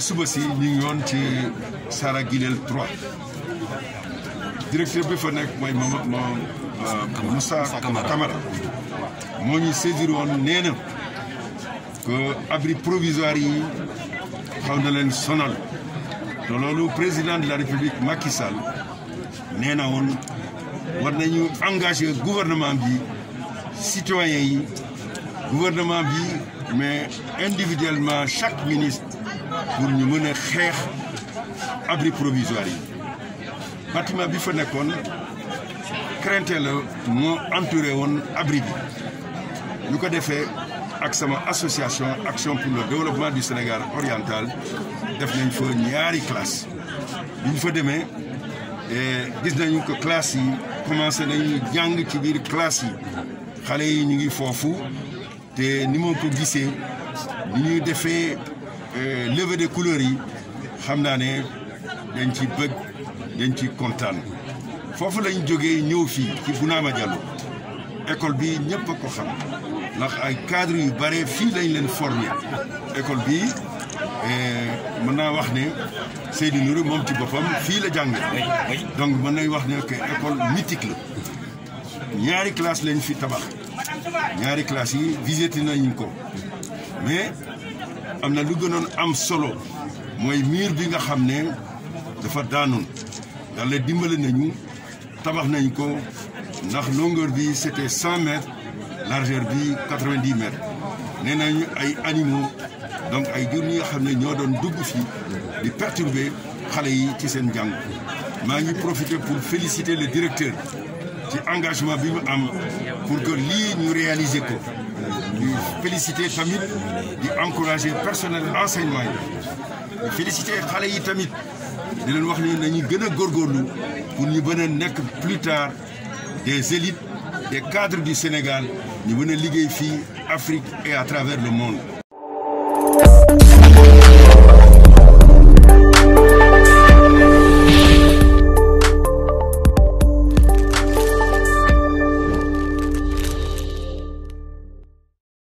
suba si ñu ngi woon ci Sara Guilel 3 directeur bi fa nekk mooy moom moom euh, Moussa Camara moo ñu saisir woon nee na que abri provisoire yi xaw na leen sonal te loolu président de la république Macky Sall woon war nañu engagé gouvernement bi citoyen yi gouvernement bi mais individuellement chaque ministre pour ñu mën a xeex abri provisoire yi bâtiment bi fa nekkoon crainte la moo enture woon abri bi ñu ko defee ak sama association action pour le développement du Sénégal oriental def nañ fa ñaari classe bi fa demee eh, gis nañu que classe yi commencé nañu jàng ci biir classe yi xale yi ñu ngi foofu te ni moo ko gisee ni ñuy defee Euh, levée des couleurs yi xam naa ne dañ ci bëgg dañ ci kontaan foofu lañ jóge ñëw fii ci Bounama Diallo école bi ñëpp a ko xam ndax ay cadre yu bare fii lañ leen former école bi euh, mën naa wax ne Seydou Nourou moom ci boppam fii la jànge donc mën nañ wax ne que école mythique la ñaari classe lañ fi tabax ñaari classe yi visité nañ ko mais am na lu gënoon am solo mooy miir bi nga xam ne dafa daanoon yàlla dimbali nañu tabax nañ ko ndax longueur bi c'était cent mètres largeur bi quatre-vingt-dix nee nañu ay animaux donc ay jur ñi nga xam ne ñoo doon dugg fii di perturber xale yi ci seen jàng maa ngi profité pour féliciter le directeur ci engagement bi mu am pour que lii ñu réaliser ko di félicité tamit di encouragé personnel enseignement yi félicité xale yi tamit di leen wax ni nañu gën a góorgóorlu pour ñu mën nekk plus tard des élites des cadres du Sénégal ñu mën a liggéey fii Afrique et à travers le monde